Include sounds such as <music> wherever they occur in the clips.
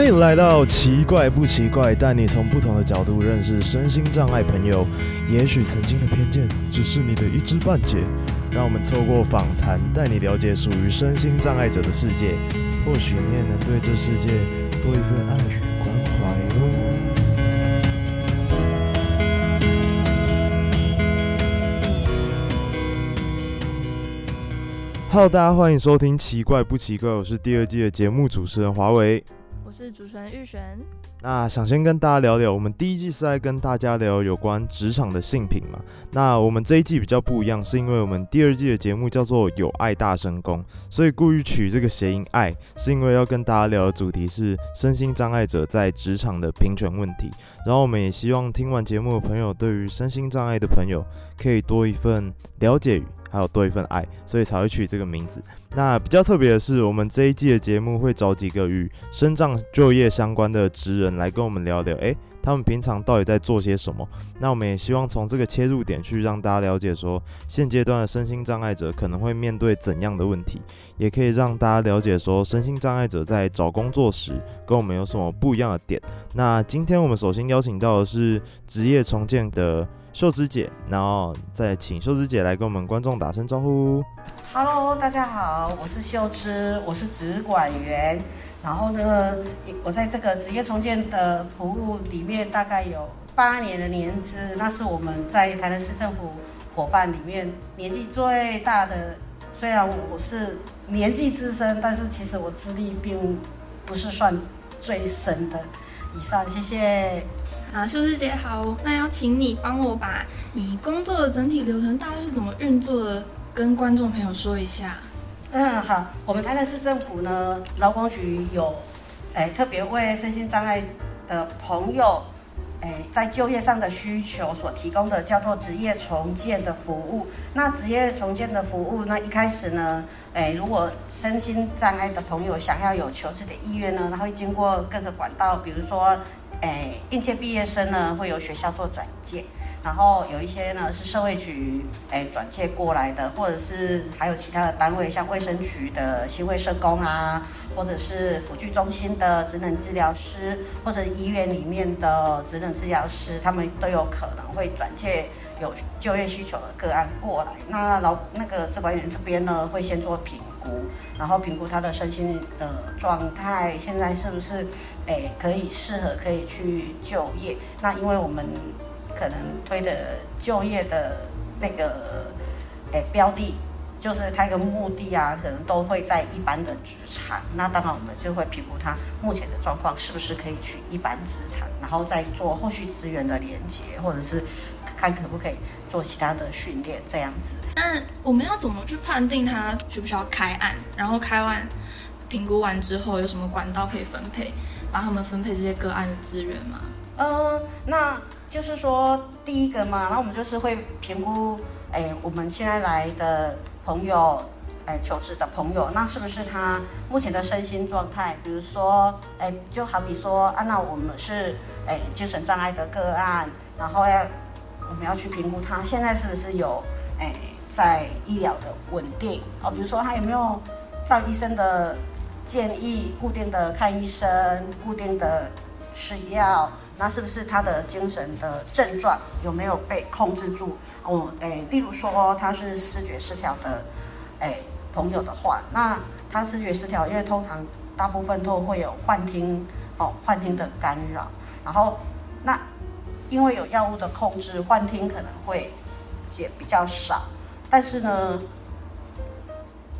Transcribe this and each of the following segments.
歡迎來到奇怪不奇怪，帶你從不同的角度認識身心障礙朋友。也許曾經的偏見只是你的一知半解。讓我們透過訪談，帶你了解屬於身心障礙者的世界。或許你也能對這世界多一份愛與關懷哦。Hello，大家歡迎收聽《奇怪不奇怪》，我是第二季的節目主持人驊瑋。我是主持人昱璇，那想先跟大家聊聊，我們第一季是在跟大家聊有關職場的性平嘛。那我們這一季比較不一樣，是因為我們第二季的節目叫做有礙大聲公》，所以故意取這個諧音“愛”，是因為要跟大家聊的主題是身心障礙者在職場的平權問題。然後我們也希望聽完節目的朋友，對於身心障礙的朋友，可以多一份了解，還有多一份愛，所以才會取這個名字。那比較特別的是，我們這一季的節目會找幾個與身障就業相關的職人來跟我們聊聊。誒。他們平常到底在做些什麼？那我們也希望從這個切入點去讓大家了解說，現階段的身心障礙者可能會面對怎樣的問題，也可以讓大家了解說，身心障礙者在找工作時跟我們有什麼不一樣的點。那今天我們首先邀請到的是職業重建的秀枝姐，然後再請秀枝姐來跟我們觀眾打聲招呼。Hello，大家好，我是秀枝，我是職管員。然後呢，我在這個職業重建的服務裡面，大概有八年的年資，那是我們在台南市政府夥伴裡面年紀最大的。雖然我是年紀資深，但是其實我資歷並不是算最深的。以上，謝謝。啊，秀枝姐好，那要請你幫我把你工作的整體流程，大概是怎麼運作的，跟觀眾朋友說一下。嗯，好，我們台南市政府呢，勞工局有，誒、欸，特別為身心障礙的朋友，誒、欸，在就業上的需求所提供的叫做職業重建的服務。那職業重建的服務，那一開始呢，誒、欸，如果身心障礙的朋友想要有求職的意願呢，他會經過各個管道，比如說，誒、欸，應屆畢業生呢，會由學校做轉介。然後有一些呢是社會局誒轉介過來的，或者是還有其他的單位，像衛生局的心衛社工啊，或者是輔具中心的職能治療師，或者醫院裡面的職能治療師，他們都有可能會轉介有就業需求的個案過來。那老那個職管員這邊呢，會先做評估，然後評估他的身心的狀態，現在是不是誒可以適合可以去就業。那因為我們。可能推的就業的那個，欸、標的，就是他一個目的啊，可能都會在一般的職場。那當然，我們就會評估他目前的狀況是不是可以去一般職場，然後再做後續資源的連接，或者是看可不可以做其他的訓練這樣子。那我們要怎麼去判定他需不需要開案？然後開完評估完之後，有什麼管道可以分配，幫他們分配這些個案的資源嗎？嗯、呃，那。就是說，第一個嘛，那我們就是會評估，哎，我們現在來的朋友，哎，求職的朋友，那是不是他目前的身心狀態？比如說，哎，就好比說，啊，那我們是哎精神障礙的個案，然後要我們要去評估他現在是不是有哎在醫療的穩定哦，比如說他有沒有照醫生的建議，固定的看醫生，固定的吃藥。那是不是他的精神的症狀有沒有被控制住？哦，誒、欸，例如說他是思覺失調的，哎、欸，朋友的話，那他思覺失調，因為通常大部分都會有幻聽哦，幻聽的干擾，然後那因為有藥物的控制，幻聽可能會解比較少，但是呢，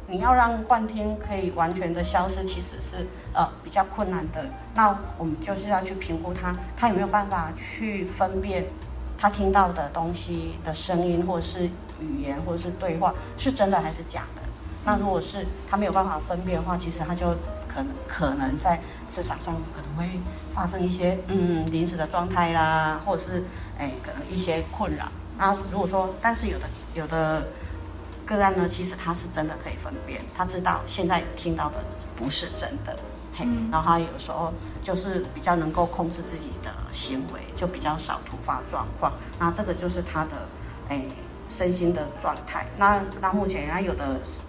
你要讓幻聽可以完全的消失，其實是。呃，比較困難的，那我們就是要去評估他，他有沒有辦法去分辨他聽到的東西的聲音，或者是語言，或者是對話是真的還是假的。那如果是他沒有辦法分辨的話，其實他就可能可能在職場上可能會發生一些嗯臨時的狀態啦，或者是哎，可能一些困擾。那如果說，但是有的有的個案呢，其實他是真的可以分辨，他知道現在聽到的不是真的。嘿，然後他有時候就是比較能夠控制自己的行為，就比較少突發狀況。那這個就是他的誒、欸、身心的狀態。那那目前他有的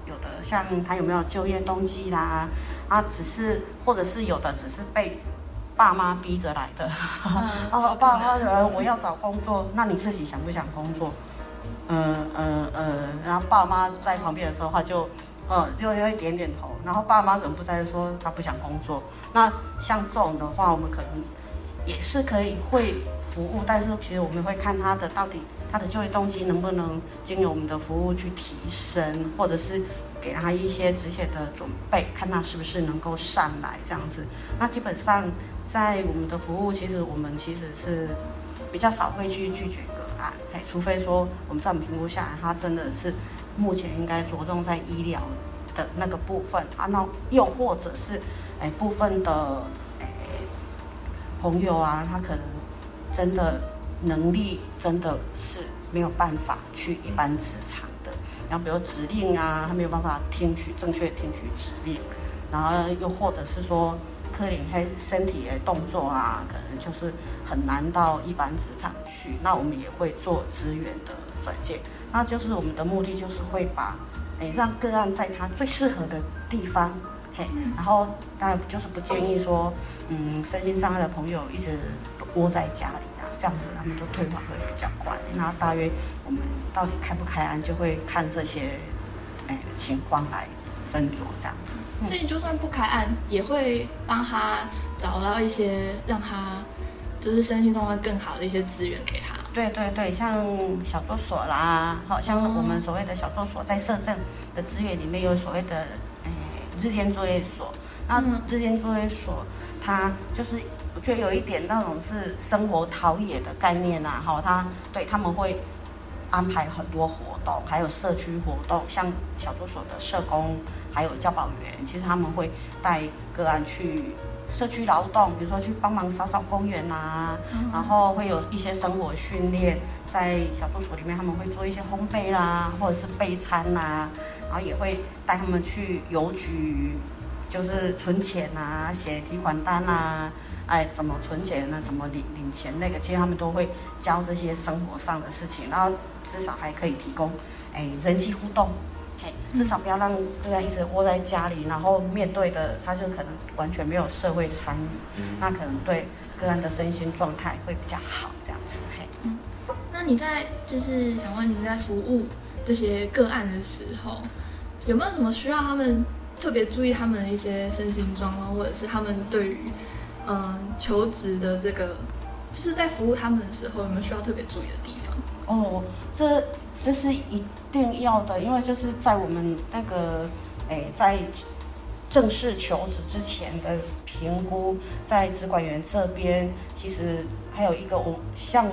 有的像他有沒有就業動機啦？啊，只是或者是有的只是被爸媽逼着來的。啊、嗯 <laughs> 哦，爸媽，我要找工作。 <laughs> 那你自己想不想工作？嗯嗯嗯。然後爸媽在旁邊的時候，他就。嗯，就會點點頭。然後爸媽怎麼不在，說他不想工作。那像這種的話，我們可能也是可以會服務，但是其實我們會看他的到底他的就業動機能不能經由我們的服務去提升，或者是給他一些職前的準備，看他是不是能夠上來這樣子。那基本上在我們的服務，其實我們其實是比較少會去拒絕個案，嘿，除非說我們在我們評估下來，他真的是。目前應該着重在醫療的那個部分啊，那又或者是，哎、欸，部分的，誒、欸，朋友啊，他可能真的能力真的是沒有辦法去一般職場的。然後比如指令啊，他沒有辦法聽取正確聽取指令，然後又或者是說，可能他身體的動作啊，可能就是很難到一般職場去。那我們也會做資源的轉介。那就是我們的目的，就是會把，哎、欸，讓個案在他最適合的地方，嘿、嗯，然後當然就是不建議說，嗯，嗯，身心障礙的朋友一直窩在家裡啊，這樣子他們都退化會比較快。然後，嗯，大約我們到底開不開案，就會看這些，哎、欸，情況來斟酌這樣子，嗯。所以就算不開案，也會幫他找到一些讓他就是身心狀態更好的一些資源給他。對對對，像小作所啦，好，像我們所謂的小作所在社政的資源裡面有所謂的，誒、哎，日間作業所。那日間作業所，它就是我覺得有一點那種是生活陶冶的概念吶，好，它對他們會安排很多活動，還有社區活動，像小作所的社工，還有教保員，其實他們會帶個案去。社區勞動，比如說去幫忙掃掃公園吶、啊嗯，然後會有一些生活訓練，在小作所裡面他們會做一些烘焙啦、啊，或者是備餐吶、啊，然後也會帶他們去郵局，就是存錢吶、啊、寫提款單吶、啊，哎，怎麼存錢呢、啊？怎麼領領錢那個？其實他們都會教這些生活上的事情，然後至少還可以提供哎人際互動。Hey, 至少不要讓個案一直窩在家裡，嗯、然後面對的他就可能完全沒有社會參與、嗯，那可能對個案的身心狀態會比較好，這樣子嘿、嗯。那你在就是想問你在服務這些個案的時候，有沒有什麼需要他們特別注意他們的一些身心狀況，或者是他們對於嗯求職的這個，就是在服務他們的時候有沒有需要特別注意的地方？哦，這。這是一定要的，因為就是在我們那個，誒、欸，在正式求職之前的評估，在職管員這邊其實還有一個我像，誒、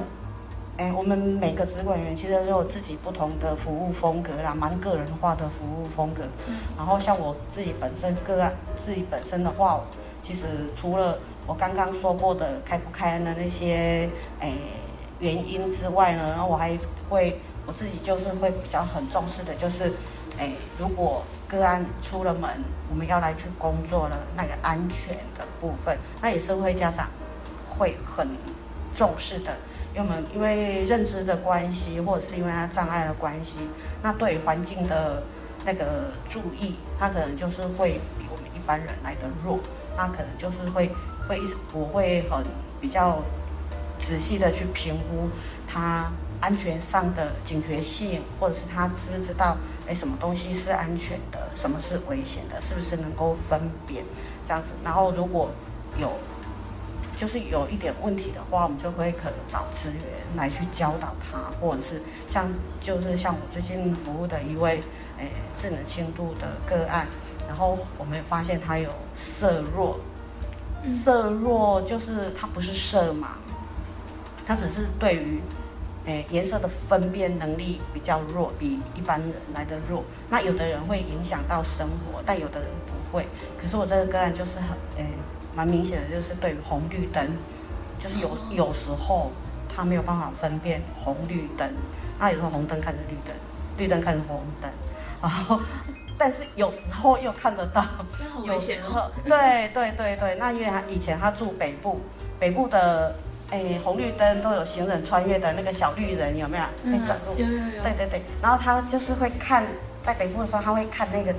欸，我們每個職管員其實都有自己不同的服務風格啦，蠻個人化的服務風格。嗯、然後像我自己本身個案，自己本身的話，其實除了我剛剛說過的開不開的那些誒、欸、原因之外呢，然後我還會。我自己就是會比較很重視的，就是，哎、欸，如果個案出了門，我們要來去工作了，那個安全的部分，那也是會家長會很重視的，因為我們因為認知的關係，或者是因為他障礙的關係，那對於環境的那個注意，他可能就是會比我們一般人來的弱，那可能就是會會一我會很比較仔細的去評估他，安全上的警覺性，或者是他知不知道，哎，什麼東西是安全的，什麼是危險的，是不是能夠分辨這樣子？然後如果有就是有一點問題的話，我們就會可能找資源來去教導他，或者是像就是像我最近服務的一位哎智能輕度的個案，然後我們也發現他有色弱，色弱就是他不是色盲，他只是對於哎、欸，顏色的分辨能力比較弱，比一般人來的弱。那有的人會影響到生活，但有的人不會。可是我這個個案就是很哎蠻、欸、明顯的，就是對於紅綠燈，就是有有時候他沒有辦法分辨紅綠燈，那有時候紅燈看着綠燈，綠燈看着紅燈，然後但是有時候又看得到，有時候對對對對，那因為他以前他住北部，北部的。哎，紅綠燈都有行人穿越的那個小綠人有沒有？會走路，嗯，哎，路。有有有。對對對，然後他就是會看，在北部的時候他會看那個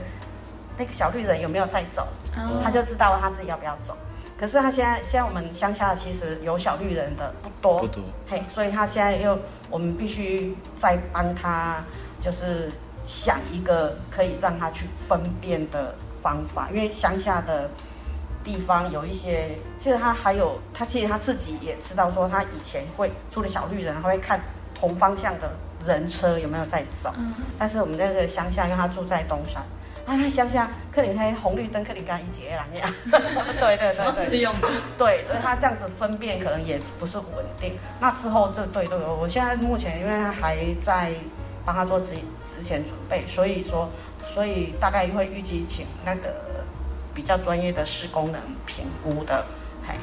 那個小綠人有沒有在走，嗯，他就知道他自己要不要走。可是他現在現在我們鄉下其實有小綠人的不多，不多嘿，所以他現在又我們必須再幫他就是想一個可以讓他去分辨的方法，因為鄉下的。地方有一些，其實他還有他，其實他自己也知道，說他以前會住的小綠人，他會看同方向的人車有沒有在走。嗯。但是我們這個鄉下，因為他住在東山，啊，那鄉下克林黑紅綠燈，克林幹一截了。對對對對。他自己用的。對，所以他這樣子分辨可能也不是穩定。那之後就對，對對，我現在目前因為他還在幫他做職職前準備，所以說，所以大概會預計請那個。比較專業的視功能評估的，嘿，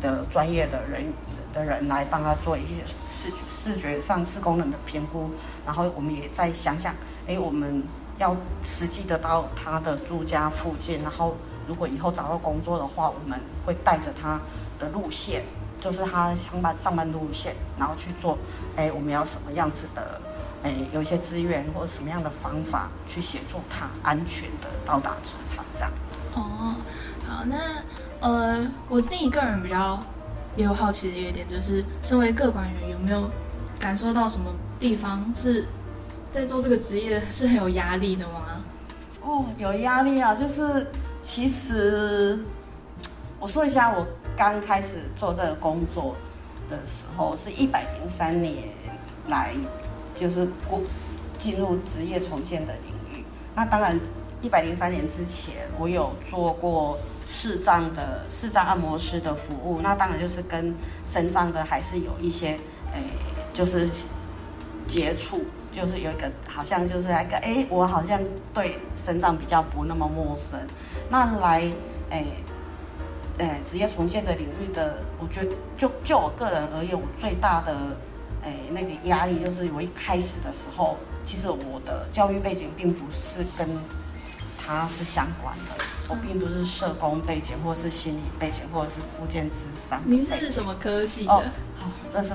的專業的人的人來幫他做一些視覺視覺上視功能的評估，然後我們也再想想，哎、欸，我們要實際的到他的住家附近，然後如果以後找到工作的話，我們會帶着他的路線，就是他上班上班路線，然後去做，哎、欸，我們要什麼樣子的，哎、欸，有一些資源或者什麼樣的方法去協助他安全的到達職場這樣。哦，好，那呃，我自己個人比較也有好奇的一點，就是身為個管員，有沒有感受到什麼地方是在做這個職業是很有壓力的嗎？哦，有壓力啊，就是其實我說一下，我剛開始做這個工作的時候，是一百零三年來，就是過進入職業重建的領域，那當然。一百零三年之前，我有做過視障的視障按摩師的服務，那當然就是跟身障的還是有一些誒、欸，就是接觸，就是有一個好像就是那個誒、欸，我好像對身障比較不那麼陌生。那來誒誒職業重建的領域的，我覺得就就我個人而言，我最大的誒、欸、那個壓力就是我一開始的時候，其實我的教育背景並不是跟它是相關的，我並不是社工背景，或者是心理背景，或者是復健諮商。您這是什麼科系的？哦，好，這是，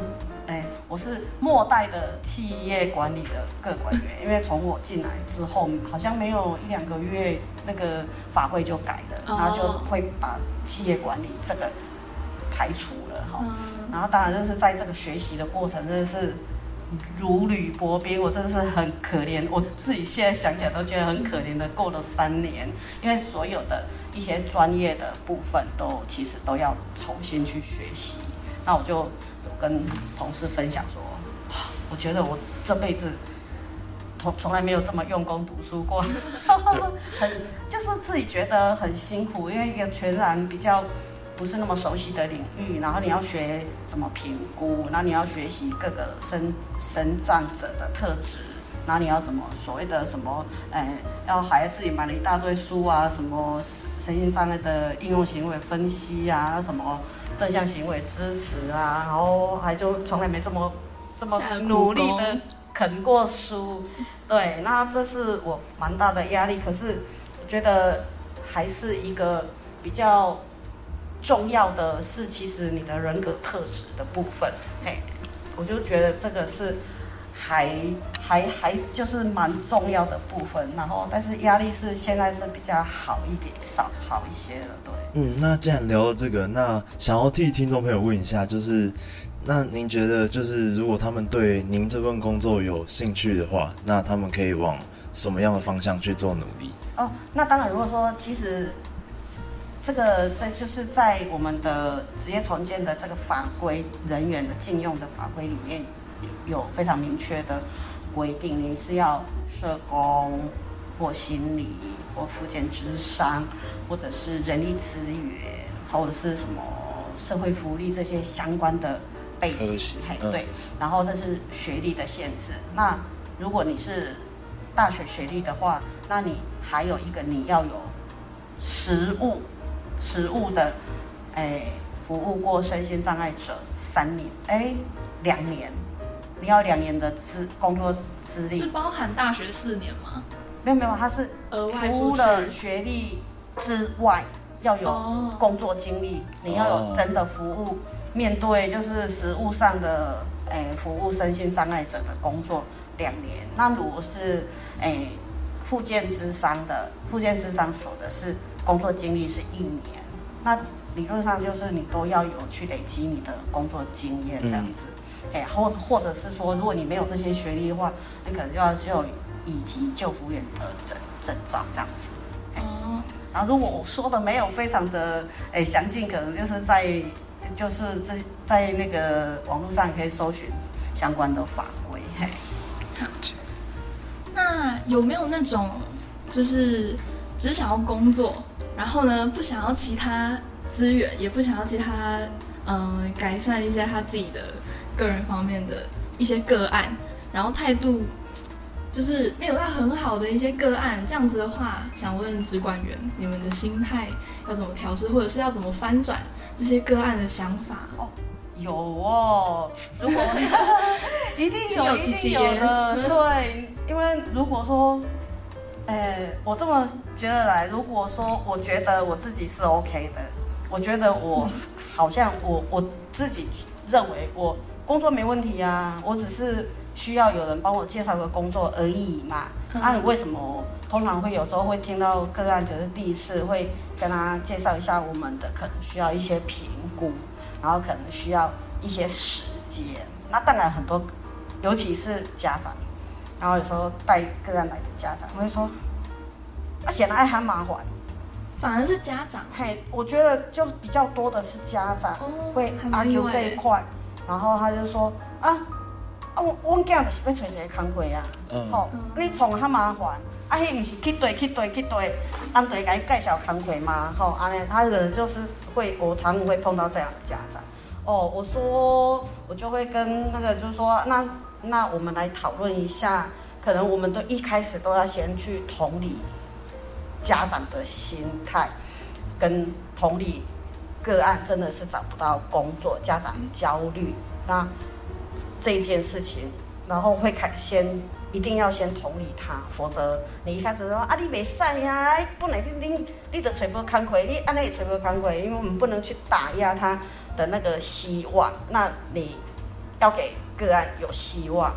哎，我是末代的企業管理的個管員、嗯，因為從我進來之後，好像沒有一兩個月，那個法規就改了，然、哦、後就會把企業管理這個排除了哈、哦嗯。然後當然就是在這個學習的過程，真、就、的是。如履薄冰，我真的是很可憐，我自己現在想起來都覺得很可憐的。過了三年，因為所有的一些專業的部分都其實都要重新去學習，那我就有跟同事分享說，哇，我覺得我這輩子從從來沒有這麼用功讀書過， <laughs> 很就是自己覺得很辛苦，因為一個全然比較。不是那麼熟悉的領域，然後你要學怎麼評估，然後你要學習各個身心障礙者的特質，然後你要怎麼所謂的什麼，哎，要孩子自己買了一大堆書啊，什麼身心障礙的應用行為分析啊，什麼正向行為支持啊，然後還就從來沒這麼這麼努力的啃過書，對，那這是我蠻大的壓力，可是覺得還是一個比較。重要的是，其實你的人格特質的部分，嘿，我就覺得這個是還還還就是蠻重要的部分。然後，但是壓力是現在是比較好一點，少好一些了，對。嗯，那既然聊到這個，那想要替聽眾朋友問一下，就是那您覺得，就是如果他們對您這份工作有興趣的話，那他們可以往什麼樣的方向去做努力？哦，那當然，如果說其實。這個在就是在我們的職業重建的這個法規人員的禁用的法規裡面，有非常明確的規定，你是要社工，或心理，或復健諮商，或者是人力資源，或者是什麼社會福利這些相關的背景，哎，對。然後這是學歷的限制。那如果你是大學學歷的話，那你還有一個你要有實務，實務的，哎、欸，服務過身心障礙者三年，哎、欸，兩年，你要兩年的資工作資歷。是包含大學四年嗎？沒有沒有，他是額外除了學歷之外要有工作經歷，哦，你要有真的服務面對就是實務上的，哎、欸，服務身心障礙者的工作兩年。那如果是哎，復健諮商的復健諮商所的是。工作經歷是一年，那理論上就是你都要有去累積你的工作經驗這樣子，哎、嗯，或或者是說，如果你沒有這些學歷的話，你可能就要只有乙級就服員的證證照這樣子。哦、嗯。然後如果我說的沒有非常的哎詳盡，可能就是在就是在在那個網絡上你可以搜尋相關的法規。嘿。那有沒有那種就是只是想要工作？然後呢，不想要其他資源，也不想要其他，嗯、呃，改善一些他自己的個人方面的一些個案，然後態度就是沒有到很好的一些個案，這樣子的話，想問職管員，你們的心態要怎麼調試，或者是要怎麼翻轉這些個案的想法？哦，有哦，如果有，一定有，一定有，一定有的， <laughs> 對，因為如果說。哎，我這麼覺得來，如果說我覺得我自己是 OK 的，我覺得我好像我我自己認為我工作沒問題呀、啊，我只是需要有人幫我介紹個工作而已嘛。那、嗯嗯啊、你為什麼通常會有時候會聽到個案，就是第一次會跟他介紹一下我們的可能需要一些評估，然後可能需要一些時間。那當然很多，尤其是家長。然後有時候帶個案來的家長，我會說，啊，顯得還很麻煩，反而是家長，嘿，我覺得就比較多的是家長、哦、會安舅這一塊，然後他就說，啊啊，我我囝就是要找一個工課呀，嗯，吼、哦嗯，你創哈麻煩，啊，迄不是去對去對去對，安對，給介紹工課嘛，吼、哦，安尼，他的就是會，我常常會碰到這樣的家長，哦，我說，我就會跟那個就是說那。那我們來討論一下，可能我們都一開始都要先去同理家長的心態，跟同理個案真的是找不到工作，家長焦慮那這一件事情，然後會開先一定要先同理他，否則你一開始說啊你袂使呀，不能，你不、啊、你你的全部看開，你按尼也全部看開，因為我們不能去打壓他的那個希望，那你要給，OK 個案有希望，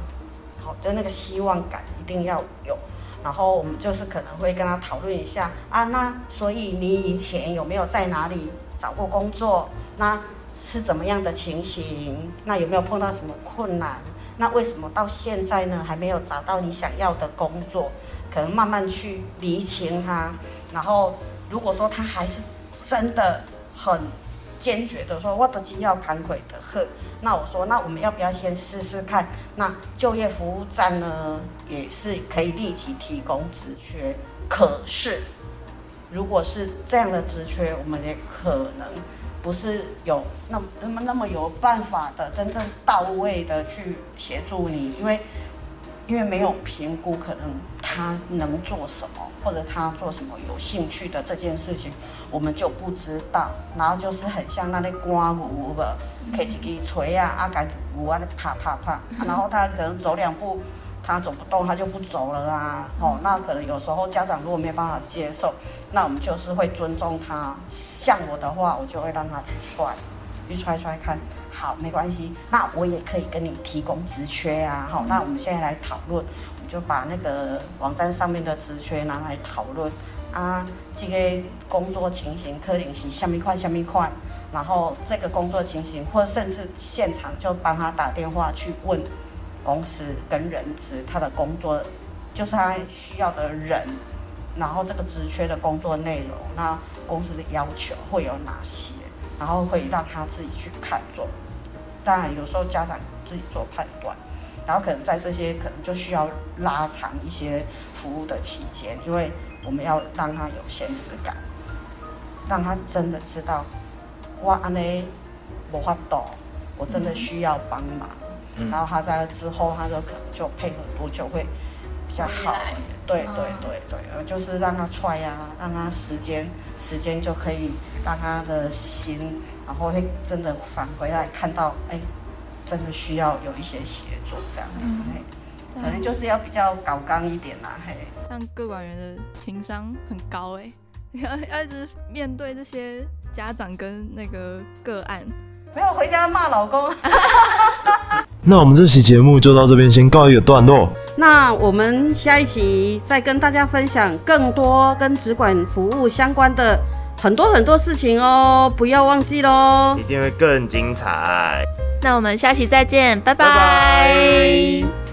好，就那個希望感一定要有。然後我們就是可能會跟他討論一下啊，那所以你以前有沒有在哪裡找過工作？那是怎麼樣的情形？那有沒有碰到什麼困難？那為什麼到現在呢還沒有找到你想要的工作？可能慢慢去釐清他。然後如果說他還是真的很。堅決的說，我都今要砍腿的喝。那我說，那我們要不要先試試看？那就業服務站呢，也是可以立即提供職缺。可是，如果是這樣的職缺，我們也可能不是有那麼那麼那麼有辦法的，真正到位的去協助你，因為。因為沒有評估，可能他能做什麼，或者他做什麼有興趣的這件事情，我們就不知道。然後就是很像那裡刮牛的，拿一支錘啊，啊，改，牛啊，啪啪啪。然後他可能走兩步，他走不動，他就不走了啦，啊。哦，那可能有時候家長如果沒有辦法接受，那我們就是會尊重他。像我的話，我就會讓他去踹，去踹踹看。好，沒關係。那我也可以跟你提供職缺啊。好、嗯哦，那我們現在來討論，我們就把那個網站上面的職缺拿來討論。啊，這個工作情形可能是什麼款什麼款，然後這個工作情形，或甚至現場就幫他打電話去問公司跟人資，他的工作就是他需要的人，然後這個職缺的工作內容，那公司的要求會有哪些，然後會讓他自己去看做。當然，有時候家長自己做判斷，然後可能在這些可能就需要拉長一些服務的期間，因為我們要讓他有現實感，讓他真的知道哇，安呢我無法度，我真的需要幫忙，嗯、然後他在之後他就可能就配合度就會比較好。對對對對，啊、就是讓他踹呀、啊，讓他時間。時間就可以讓他的心，然後會真的返回來看到，哎、欸，真的需要有一些協作這樣子，嗯，嘿，可能就是要比較搞剛一點啦，啊，嘿。像個管員的情商很高哎、欸，要，要一直面對這些家長跟那個個案，沒有回家罵老公。 <laughs> <laughs> 那我們這期節目就到這邊先告一個段落。那我們下一期再跟大家分享更多跟職管服務相關的很多很多事情哦，不要忘記嘍，一定會更精彩。那我們下期再見，拜拜。拜拜。